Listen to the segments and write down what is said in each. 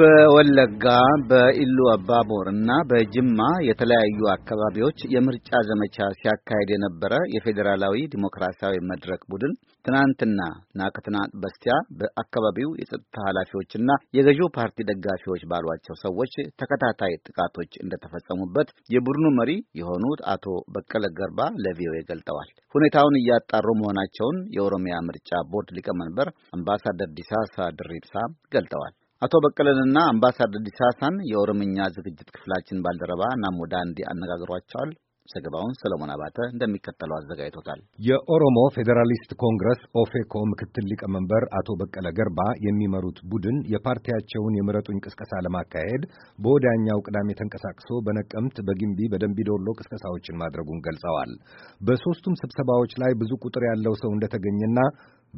በወለጋ በኢሉ አባቦር እና በጅማ የተለያዩ አካባቢዎች የምርጫ ዘመቻ ሲያካሄድ የነበረ የፌዴራላዊ ዲሞክራሲያዊ መድረክ ቡድን ትናንትና ከትናንት በስቲያ በአካባቢው የጸጥታ ኃላፊዎችና የገዢው ፓርቲ ደጋፊዎች ባሏቸው ሰዎች ተከታታይ ጥቃቶች እንደተፈጸሙበት የቡድኑ መሪ የሆኑት አቶ በቀለ ገርባ ለቪኦኤ ገልጠዋል። ሁኔታውን እያጣሩ መሆናቸውን የኦሮሚያ ምርጫ ቦርድ ሊቀመንበር አምባሳደር ዲሳሳ ድሪብሳ ገልጠዋል። አቶ በቀለንና አምባሳደር ዲሳሳን የኦሮምኛ ዝግጅት ክፍላችን ባልደረባ ናሞዳ እንዲ አነጋግሯቸዋል። ዘገባውን ሰለሞን አባተ እንደሚከተለው አዘጋጅቶታል። የኦሮሞ ፌዴራሊስት ኮንግረስ ኦፌኮ ምክትል ሊቀመንበር አቶ በቀለ ገርባ የሚመሩት ቡድን የፓርቲያቸውን የምረጡኝ ቅስቀሳ ለማካሄድ በወዲያኛው ቅዳሜ ተንቀሳቅሶ በነቀምት፣ በግንቢ በደንቢዶሎ ቅስቀሳዎችን ማድረጉን ገልጸዋል። በሦስቱም ስብሰባዎች ላይ ብዙ ቁጥር ያለው ሰው እንደተገኘና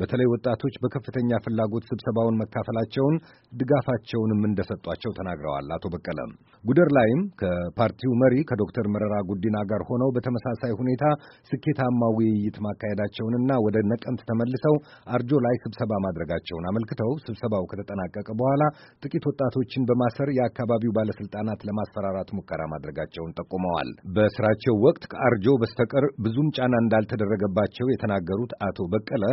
በተለይ ወጣቶች በከፍተኛ ፍላጎት ስብሰባውን መካፈላቸውን ድጋፋቸውንም እንደሰጧቸው ተናግረዋል። አቶ በቀለ ጉደር ላይም ከፓርቲው መሪ ከዶክተር መረራ ጉዲና ጋር ሆነው በተመሳሳይ ሁኔታ ስኬታማ ውይይት ማካሄዳቸውንና ወደ ነቀምት ተመልሰው አርጆ ላይ ስብሰባ ማድረጋቸውን አመልክተው ስብሰባው ከተጠናቀቀ በኋላ ጥቂት ወጣቶችን በማሰር የአካባቢው ባለስልጣናት ለማስፈራራት ሙከራ ማድረጋቸውን ጠቁመዋል። በስራቸው ወቅት ከአርጆ በስተቀር ብዙም ጫና እንዳልተደረገባቸው የተናገሩት አቶ በቀለ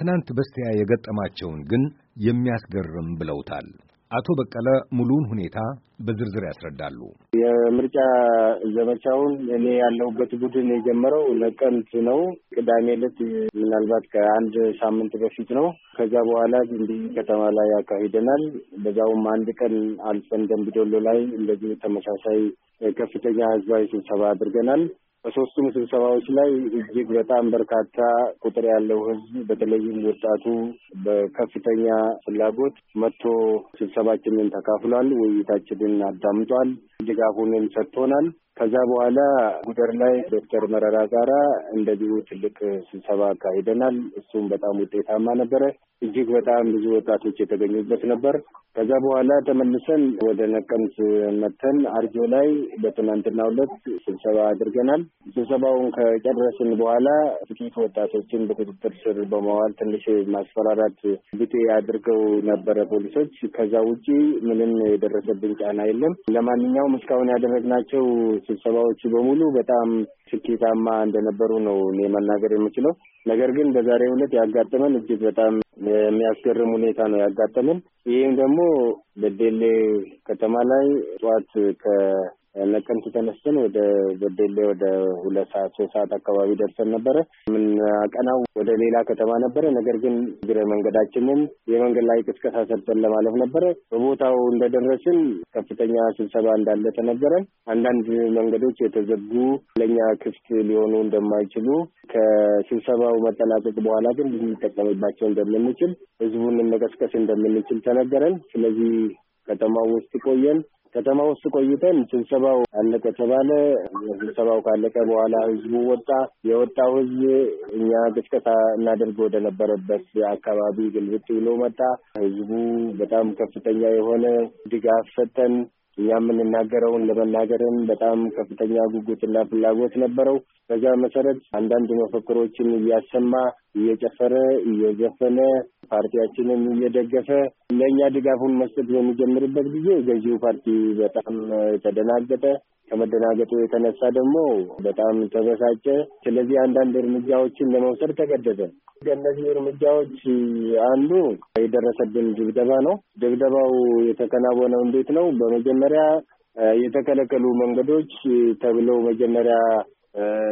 ከትናንት በስቲያ የገጠማቸውን ግን የሚያስገርም ብለውታል። አቶ በቀለ ሙሉውን ሁኔታ በዝርዝር ያስረዳሉ። የምርጫ ዘመቻውን እኔ ያለሁበት ቡድን የጀመረው ነቀምት ነው። ቅዳሜ ዕለት ምናልባት ከአንድ ሳምንት በፊት ነው። ከዛ በኋላ ግንቢ ከተማ ላይ አካሂደናል በዛውም አንድ ቀን አልፈን ደምቢዶሎ ላይ እንደዚህ ተመሳሳይ ከፍተኛ ህዝባዊ ስብሰባ አድርገናል። በሶስቱም ስብሰባዎች ላይ እጅግ በጣም በርካታ ቁጥር ያለው ህዝብ በተለይም ወጣቱ በከፍተኛ ፍላጎት መጥቶ ስብሰባችንን ተካፍሏል። ውይይታችንን አዳምጧል። ድጋፉንም ሰጥቶናል። ከዛ በኋላ ጉደር ላይ ዶክተር መረራ ጋራ እንደዚሁ ትልቅ ስብሰባ አካሂደናል። እሱም በጣም ውጤታማ ነበረ። እጅግ በጣም ብዙ ወጣቶች የተገኙበት ነበር። ከዛ በኋላ ተመልሰን ወደ ነቀምት መተን አርጆ ላይ በትናንትናው ዕለት ስብሰባ አድርገናል። ስብሰባውን ከጨረስን በኋላ ጥቂት ወጣቶችን በቁጥጥር ስር በመዋል ትንሽ ማስፈራራት ብጤ አድርገው ነበረ ፖሊሶች። ከዛ ውጪ ምንም የደረሰብን ጫና የለም። ለማንኛውም እስካሁን ያደረግናቸው ስብሰባዎቹ በሙሉ በጣም ስኬታማ እንደነበሩ ነው እኔ መናገር የምችለው። ነገር ግን በዛሬው ዕለት ያጋጠመን እጅግ በጣም የሚያስገርም ሁኔታ ነው ያጋጠመን። ይህም ደግሞ በደሌ ከተማ ላይ ጠዋት ከ ነቀምት ተነስተን ወደ በደሌ ወደ ሁለት ሰዓት ሶስት ሰዓት አካባቢ ደርሰን ነበረ። የምናቀናው ወደ ሌላ ከተማ ነበረ። ነገር ግን እግረ መንገዳችንን የመንገድ ላይ ቅስቀሳ ሰርተን ለማለፍ ነበረ። በቦታው እንደደረስን ከፍተኛ ስብሰባ እንዳለ ተነገረን። አንዳንድ መንገዶች የተዘጉ ለእኛ ክፍት ሊሆኑ እንደማይችሉ ከስብሰባው መጠናቀቅ በኋላ ግን ልንጠቀምባቸው እንደምንችል ህዝቡን መቀስቀስ እንደምንችል ተነገረን። ስለዚህ ከተማው ውስጥ ቆየን። ከተማ ውስጥ ቆይተን ስብሰባው አለቀ ተባለ። ስብሰባው ካለቀ በኋላ ህዝቡ ወጣ። የወጣው ህዝብ እኛ ቅስቀሳ እናደርግ ወደ ነበረበት አካባቢ ግልብጥ ብሎ መጣ። ህዝቡ በጣም ከፍተኛ የሆነ ድጋፍ ሰጠን። እኛ የምንናገረውን ለመናገርም በጣም ከፍተኛ ጉጉትና ፍላጎት ነበረው። በዛ መሰረት አንዳንድ መፈክሮችን እያሰማ እየጨፈረ እየዘፈነ ፓርቲያችንን እየደገፈ ለእኛ ድጋፉን መስጠት በሚጀምርበት ጊዜ ገዢው ፓርቲ በጣም ተደናገጠ። ከመደናገጡ የተነሳ ደግሞ በጣም ተበሳጨ። ስለዚህ አንዳንድ እርምጃዎችን ለመውሰድ ተገደደ። ከእነዚህ እርምጃዎች አንዱ የደረሰብን ድብደባ ነው። ድብደባው የተከናወነው እንዴት ነው? በመጀመሪያ የተከለከሉ መንገዶች ተብለው መጀመሪያ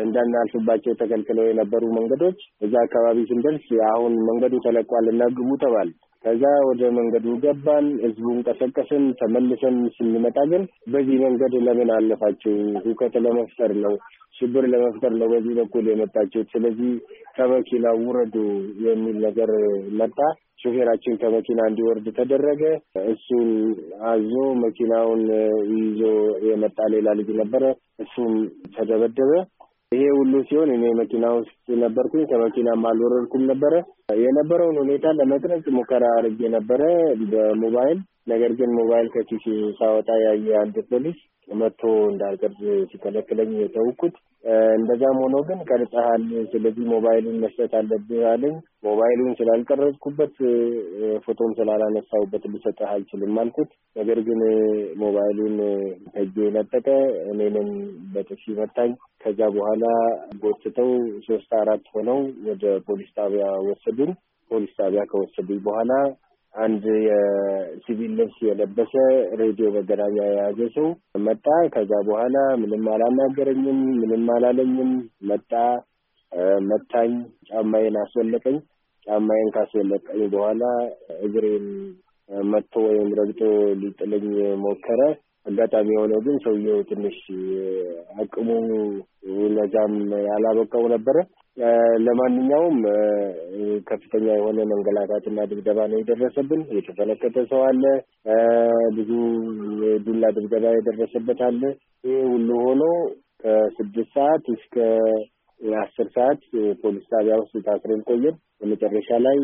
እንዳናልፍባቸው ተከልክለው የነበሩ መንገዶች እዛ አካባቢ ስንደርስ አሁን መንገዱ ተለቋል እና ግቡ ተባል። ከዛ ወደ መንገዱ ገባን፣ ህዝቡን ቀሰቀስን። ተመልሰን ስንመጣ ግን በዚህ መንገድ ለምን አለፋችሁ? ሁከት ለመፍጠር ነው፣ ሽብር ለመፍጠር ነው በዚህ በኩል የመጣችሁት። ስለዚህ ከመኪና ውረዱ የሚል ነገር መጣ። ሹፌራችን ከመኪና እንዲወርድ ተደረገ። እሱን አዞ መኪናውን ይዞ የመጣ ሌላ ልጅ ነበረ። እሱም ተደበደበ። ይሄ ሁሉ ሲሆን እኔ መኪና ውስጥ ነበርኩኝ። ከመኪናም አልወረድኩም ነበረ። የነበረውን ሁኔታ ለመቅረጽ ሙከራ አድርጌ ነበረ በሞባይል ነገር ግን ሞባይል ከኪሴ ሳወጣ ያየ አንድ ፖሊስ መጥቶ እንዳልቀርጽ ሲከለክለኝ የተውኩት እንደዛም ሆኖ ግን ቀርጸሃል፣ ስለዚህ ሞባይሉን መስጠት አለብህ አለኝ። ሞባይሉን ስላልቀረጽኩበት ፎቶም ስላላነሳሁበት ልሰጠህ አልችልም አልኩት። ነገር ግን ሞባይሉን ከእጄ ነጠቀ፣ እኔንም በጥፊ መታኝ። ከዛ በኋላ ጎትተው ሶስት አራት ሆነው ወደ ፖሊስ ጣቢያ ወሰዱን። ፖሊስ ጣቢያ ከወሰዱኝ በኋላ አንድ የሲቪል ልብስ የለበሰ ሬዲዮ መገናኛ የያዘ ሰው መጣ። ከዛ በኋላ ምንም አላናገረኝም፣ ምንም አላለኝም። መጣ፣ መታኝ፣ ጫማዬን አስወለቀኝ። ጫማዬን ካስወለቀኝ በኋላ እግሬን መጥቶ ወይም ረግጦ ሊጥለኝ ሞከረ። አጋጣሚ የሆነው ግን ሰውየው ትንሽ አቅሙ ለዛም ያላበቃው ነበረ። ለማንኛውም ከፍተኛ የሆነ መንገላታትና ድብደባ ነው የደረሰብን። የተፈለከተ ሰው አለ፣ ብዙ ዱላ ድብደባ የደረሰበት አለ። ይህ ሁሉ ሆኖ ከስድስት ሰዓት እስከ አስር ሰዓት ፖሊስ ጣቢያ ውስጥ ታስረን ቆየን። በመጨረሻ ላይ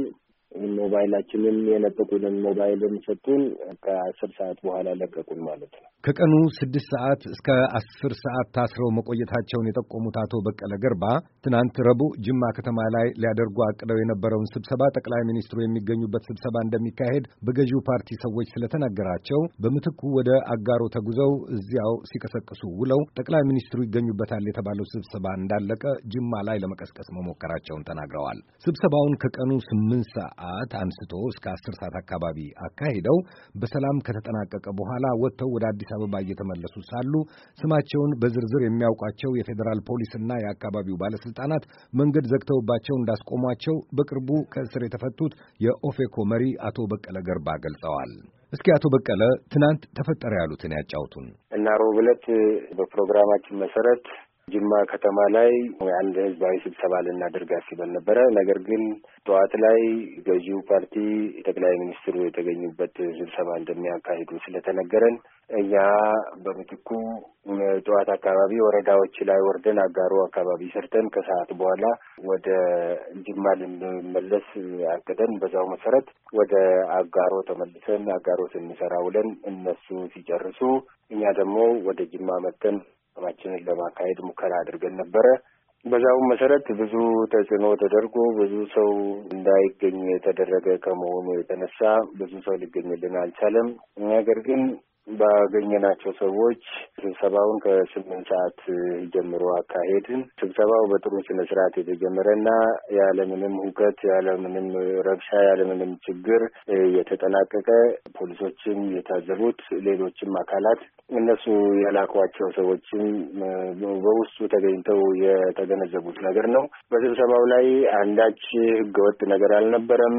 ሞባይላችንን የነጠቁልን ሞባይልን ሰጡን። ከአስር ሰዓት በኋላ ለቀቁን ማለት ነው። ከቀኑ ስድስት ሰዓት እስከ አስር ሰዓት ታስረው መቆየታቸውን የጠቆሙት አቶ በቀለ ገርባ ትናንት ረቡዕ ጅማ ከተማ ላይ ሊያደርጉ አቅደው የነበረውን ስብሰባ ጠቅላይ ሚኒስትሩ የሚገኙበት ስብሰባ እንደሚካሄድ በገዢው ፓርቲ ሰዎች ስለተናገራቸው በምትኩ ወደ አጋሮ ተጉዘው እዚያው ሲቀሰቅሱ ውለው ጠቅላይ ሚኒስትሩ ይገኙበታል የተባለው ስብሰባ እንዳለቀ ጅማ ላይ ለመቀስቀስ መሞከራቸውን ተናግረዋል። ስብሰባውን ከቀኑ ስምንት ሰዓት ሰዓት አንስቶ እስከ አስር ሰዓት አካባቢ አካሂደው በሰላም ከተጠናቀቀ በኋላ ወጥተው ወደ አዲስ አበባ እየተመለሱ ሳሉ ስማቸውን በዝርዝር የሚያውቋቸው የፌዴራል ፖሊስና የአካባቢው ባለስልጣናት መንገድ ዘግተውባቸው እንዳስቆሟቸው በቅርቡ ከእስር የተፈቱት የኦፌኮ መሪ አቶ በቀለ ገርባ ገልጸዋል። እስኪ አቶ በቀለ ትናንት ተፈጠረ ያሉትን ያጫውቱን እና ሮብ ዕለት በፕሮግራማችን መሰረት ጅማ ከተማ ላይ አንድ ህዝባዊ ስብሰባ ልናደርግ አስበን ነበረ። ነገር ግን ጠዋት ላይ ገዢው ፓርቲ ጠቅላይ ሚኒስትሩ የተገኙበት ስብሰባ እንደሚያካሂዱ ስለተነገረን እኛ በምትኩ ጠዋት አካባቢ ወረዳዎች ላይ ወርደን አጋሮ አካባቢ ሰርተን ከሰዓት በኋላ ወደ ጅማ ልንመለስ አቅደን በዛው መሰረት ወደ አጋሮ ተመልሰን አጋሮ ስንሰራ ውለን እነሱ ሲጨርሱ እኛ ደግሞ ወደ ጅማ መጥተን ማችንን ለማካሄድ ሙከራ አድርገን ነበረ። በዛውም መሰረት ብዙ ተጽዕኖ ተደርጎ ብዙ ሰው እንዳይገኝ የተደረገ ከመሆኑ የተነሳ ብዙ ሰው ሊገኝልን አልቻለም። ነገር ግን ባገኘናቸው ሰዎች ስብሰባውን ከስምንት ሰዓት ጀምሮ አካሄድን። ስብሰባው በጥሩ ስነ ስርዓት እና ያለምንም ሁከት፣ ያለምንም ረብሻ፣ ያለምንም ችግር የተጠናቀቀ ፖሊሶችም የታዘቡት ሌሎችም አካላት እነሱ የላኳቸው ሰዎችም በውስጡ ተገኝተው የተገነዘቡት ነገር ነው። በስብሰባው ላይ አንዳች ህገወጥ ነገር አልነበረም።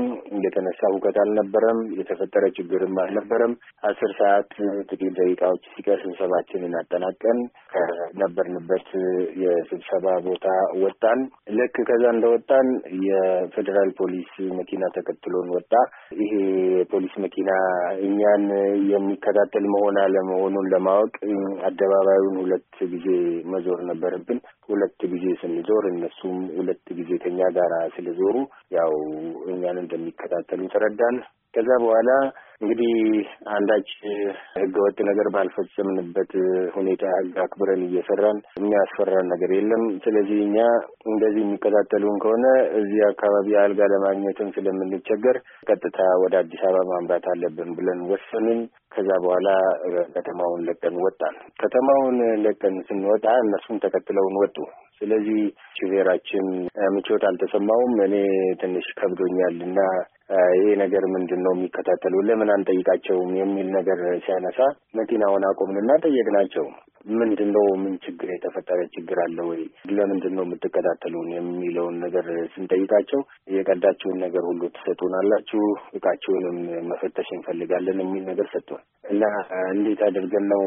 የተነሳ ሁከት አልነበረም። የተፈጠረ ችግርም አልነበረም። አስር ሰዓት ጥቂት ደቂቃዎች ሲቀር ስብሰባችንን አጠናቀን ከነበርንበት የስብሰባ ቦታ ወጣን። ልክ ከዛ እንደወጣን የፌዴራል ፖሊስ መኪና ተከትሎን ወጣ። ይሄ የፖሊስ መኪና እኛን የሚከታተል መሆን አለመሆኑን ለማወቅ አደባባዩን ሁለት ጊዜ መዞር ነበረብን። ሁለት ጊዜ ስንዞር እነሱም ሁለት ጊዜ ከኛ ጋር ስለዞሩ ያው እኛን እንደሚከታተሉ ተረዳን። ከዛ በኋላ እንግዲህ አንዳች ህገወጥ ነገር ባልፈጸምንበት ሁኔታ ህግ አክብረን እየሰራን የሚያስፈራን ነገር የለም። ስለዚህ እኛ እንደዚህ የሚከታተሉን ከሆነ እዚህ አካባቢ አልጋ ለማግኘትም ስለምንቸገር ቀጥታ ወደ አዲስ አበባ ማምራት አለብን ብለን ወሰንን። ከዛ በኋላ ከተማውን ለቀን ወጣን። ከተማውን ለቀን ስንወጣ እነሱም ተከትለውን ወጡ። ስለዚህ ሹፌራችን ምቾት አልተሰማውም። እኔ ትንሽ ከብዶኛል እና ይሄ ነገር ምንድን ነው የሚከታተሉ ለምን አንጠይቃቸውም የሚል ነገር ሲያነሳ መኪናውን አቆምንና ጠየቅናቸው። ምንድን ነው ምን ችግር የተፈጠረ ችግር አለ ወይ ለምንድን ነው የምትከታተሉን የሚለውን ነገር ስንጠይቃቸው የቀዳችሁን ነገር ሁሉ ትሰጡናላችሁ እቃችሁንም መፈተሽ እንፈልጋለን የሚል ነገር ሰጥቷል እና እንዴት አድርገን ነው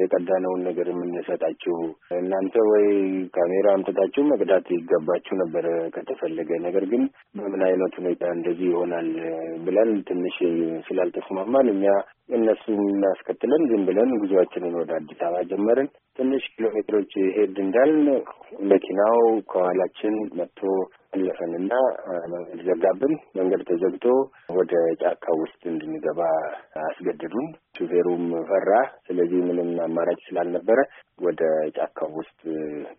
የቀዳነውን ነገር የምንሰጣችሁ እናንተ ወይ ካሜራ አምጥታችሁ መቅዳት ይገባችሁ ነበረ ከተፈለገ ነገር ግን በምን አይነት ሁኔታ እንደዚህ ይሆናል ብለን ትንሽ ስላልተስማማን እኛ እነሱን እናስከትለን ዝም ብለን ጉዞአችንን ወደ አዲስ አበባ ጀመርን። ትንሽ ኪሎ ሜትሮች ሄድ እንዳልን መኪናው ከኋላችን መጥቶ አለፈንና መንገድ ዘጋብን። መንገድ ተዘግቶ ወደ ጫካ ውስጥ እንድንገባ አስገደዱን። ሹፌሩም ፈራ። ስለዚህ ምንም አማራጭ ስላልነበረ ወደ ጫካ ውስጥ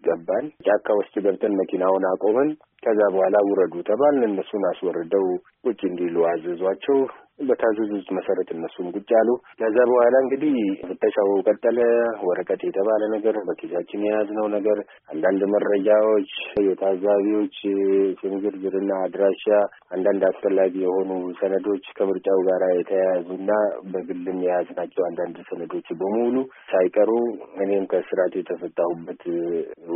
ገባን። ጫካ ውስጥ ገብተን መኪናውን አቆምን። ከዛ በኋላ ውረዱ ተባልን። እነሱን አስወርደው ቁጭ እንዲሉ አዘዟቸው። በታዘዙት መሰረት እነሱም ቁጭ አሉ። ከዛ በኋላ እንግዲህ ፍተሻው ቀጠለ። ወረቀት የተባለ ነገር፣ በኪሳችን የያዝነው ነገር፣ አንዳንድ መረጃዎች፣ የታዛቢዎች ስም ዝርዝርና አድራሻ፣ አንዳንድ አስፈላጊ የሆኑ ሰነዶች ከምርጫው ጋር የተያያዙና በግልም የያዝናቸው አንዳንድ ሰነዶች በሙሉ ሳይቀሩ እኔም ከስርዓት የተፈታሁበት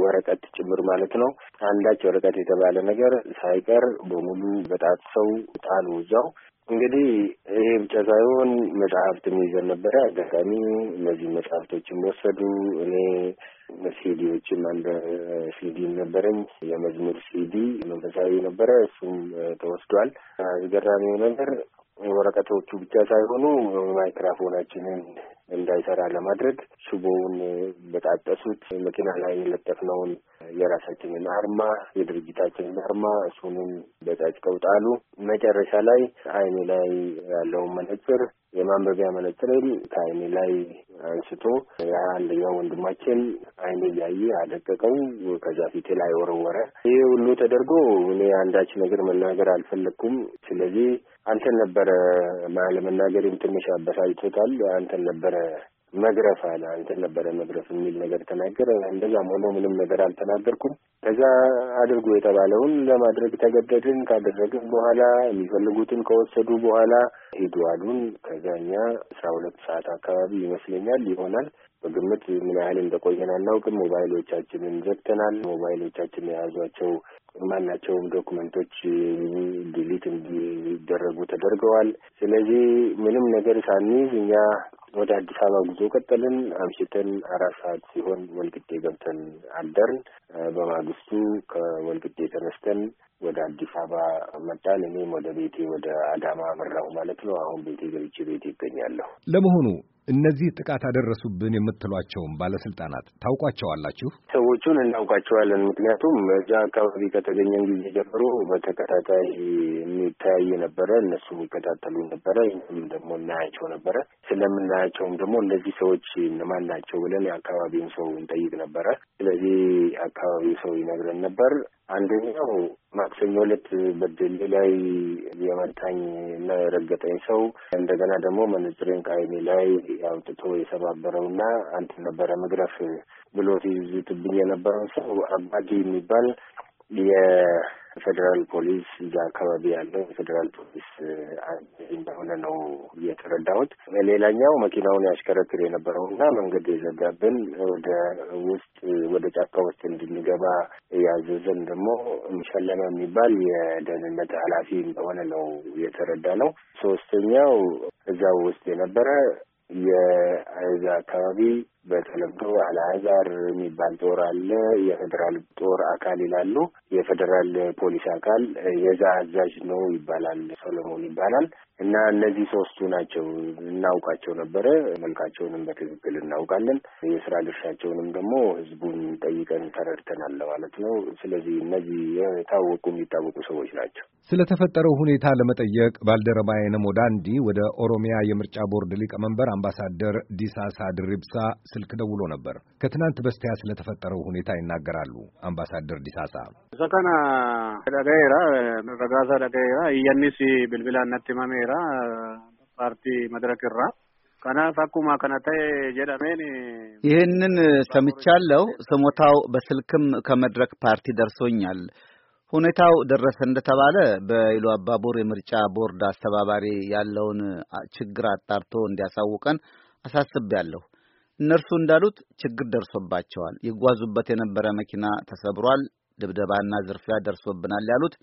ወረቀት ጭምር ማለት ነው። አንዳች ወረቀት የተባለ ነገር ሳይቀር በሙሉ በጣት ሰው ጣሉ እዛው እንግዲህ ይሄ ብቻ ሳይሆን መጽሐፍትም ይዘን ነበረ። አጋጣሚ እነዚህ መጽሐፍቶችም ወሰዱ። እኔ ሲዲዎችም አንድ ሲዲ ነበረኝ፣ የመዝሙር ሲዲ መንፈሳዊ ነበረ። እሱም ተወስዷል። አስገራሚው ነገር ወረቀቶቹ ብቻ ሳይሆኑ ማይክራፎናችንን እንዳይሰራ ለማድረግ ሽቦውን በጣጠሱት መኪና ላይ የለጠፍነውን የራሳችንን አርማ የድርጅታችንን አርማ እሱንም በጨጭቀው ጣሉ። መጨረሻ ላይ አይኔ ላይ ያለውን መነጽር የማንበቢያ መነጽርን ከአይኔ ላይ አንስቶ አንደኛው ወንድማችን አይን እያየ አደቀቀው፣ ከዛ ፊቴ ላይ ወረወረ። ይህ ሁሉ ተደርጎ እኔ አንዳች ነገር መናገር አልፈለግኩም። ስለዚህ አንተን ነበረ ለመናገር ትንሽ አበሳጭቶታል። አንተን ነበረ መግረፍ አለ አንተን ነበረ መግረፍ የሚል ነገር ተናገረ። እንደዛም ሆኖ ምንም ነገር አልተናገርኩም። ከዛ አድርጎ የተባለውን ለማድረግ ተገደድን። ካደረግን በኋላ የሚፈልጉትን ከወሰዱ በኋላ ሂዱ አሉን። ከዛ እኛ አስራ ሁለት ሰዓት አካባቢ ይመስለኛል ይሆናል በግምት ምን ያህል እንደቆየን አናውቅም። ሞባይሎቻችንን ዘግተናል። ሞባይሎቻችን የያዟቸው ማናቸውም ዶኩመንቶች ዲሊት እንዲደረጉ ተደርገዋል። ስለዚህ ምንም ነገር ሳንይዝ እኛ ወደ አዲስ አበባ ጉዞ ቀጠልን። አምሽተን አራት ሰዓት ሲሆን ወልግዴ ገብተን አደርን። በማግስቱ ከወልግዴ ተነስተን ወደ አዲስ አበባ መጣን። እኔም ወደ ቤቴ ወደ አዳማ አመራሁ ማለት ነው። አሁን ቤቴ ገብቼ ቤቴ ይገኛለሁ። ለመሆኑ እነዚህ ጥቃት አደረሱብን የምትሏቸውም ባለስልጣናት ታውቋቸዋላችሁ? ሰዎቹን እናውቃቸዋለን። ምክንያቱም እዛ አካባቢ ከተገኘን ጊዜ ጀምሮ በተከታታይ የሚተያይ ነበረ። እነሱ ይከታተሉ ነበረ፣ እኛም ደግሞ እናያቸው ነበረ። ስለምናያቸውም ደግሞ እነዚህ ሰዎች እነማን ናቸው ብለን የአካባቢውን ሰው እንጠይቅ ነበረ። ስለዚህ አካባቢው ሰው ይነግረን ነበር። አንደኛው ማክሰኞ ዕለት በደሌ ላይ የመታኝ እና የረገጠኝ ሰው እንደገና ደግሞ መነጽሬን ከዓይኔ ላይ አውጥቶ የሰባበረው ና አንተ ነበረ መግረፍ ብሎት ይዝትብኝ የነበረው ሰው አባጌ የሚባል ፌዴራል ፖሊስ እዛ አካባቢ ያለው ፌዴራል ፖሊስ እንደሆነ ነው እየተረዳሁት። ሌላኛው መኪናውን ያሽከረክር የነበረውና መንገድ የዘጋብን ወደ ውስጥ ወደ ጫካ ውስጥ እንድንገባ ያዘዘን ደግሞ ሸለመ የሚባል የደህንነት ኃላፊ እንደሆነ ነው የተረዳ ነው። ሶስተኛው እዛው ውስጥ የነበረ የዛ አካባቢ በተለምዶ አልአዛር የሚባል ጦር አለ። የፌዴራል ጦር አካል ይላሉ። የፌዴራል ፖሊስ አካል የዛ አዛዥ ነው ይባላል። ሰሎሞን ይባላል እና እነዚህ ሶስቱ ናቸው እናውቃቸው ነበረ። መልካቸውንም በትክክል እናውቃለን። የስራ ድርሻቸውንም ደግሞ ህዝቡን ጠይቀን ተረድተናል ለማለት ነው። ስለዚህ እነዚህ የታወቁ የሚታወቁ ሰዎች ናቸው። ስለተፈጠረው ሁኔታ ለመጠየቅ ባልደረባዬ ነሞ ዳንዲ ወደ ኦሮሚያ የምርጫ ቦርድ ሊቀመንበር አምባሳደር ዲሳሳ ድሪብሳ ስልክ ደውሎ ነበር። ከትናንት በስቲያ ስለተፈጠረው ሁኔታ ይናገራሉ አምባሳደር ዲሳሳ። ሰከና ፓርቲ መድረክ ራ ከናፍ አኩማ ከናተ ጀዳሜን ይህንን ሰምቻለሁ። ስሞታው በስልክም ከመድረክ ፓርቲ ደርሶኛል። ሁኔታው ደረሰ እንደተባለ በኢሉ አባቦር የምርጫ ቦርድ አስተባባሪ ያለውን ችግር አጣርቶ እንዲያሳውቀን አሳስቤያለሁ። እነርሱ እንዳሉት ችግር ደርሶባቸዋል። ይጓዙበት የነበረ መኪና ተሰብሯል፣ ድብደባና ዝርፊያ ደርሶብናል ያሉት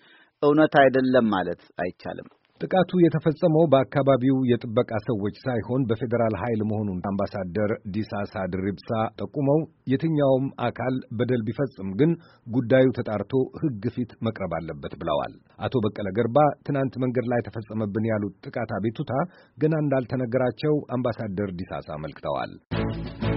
እውነት አይደለም ማለት አይቻልም። ጥቃቱ የተፈጸመው በአካባቢው የጥበቃ ሰዎች ሳይሆን በፌዴራል ኃይል መሆኑን አምባሳደር ዲሳሳ ድሪብሳ ጠቁመው የትኛውም አካል በደል ቢፈጽም ግን ጉዳዩ ተጣርቶ ሕግ ፊት መቅረብ አለበት ብለዋል። አቶ በቀለ ገርባ ትናንት መንገድ ላይ ተፈጸመብን ያሉት ጥቃት አቤቱታ ገና እንዳልተነገራቸው አምባሳደር ዲሳሳ አመልክተዋል።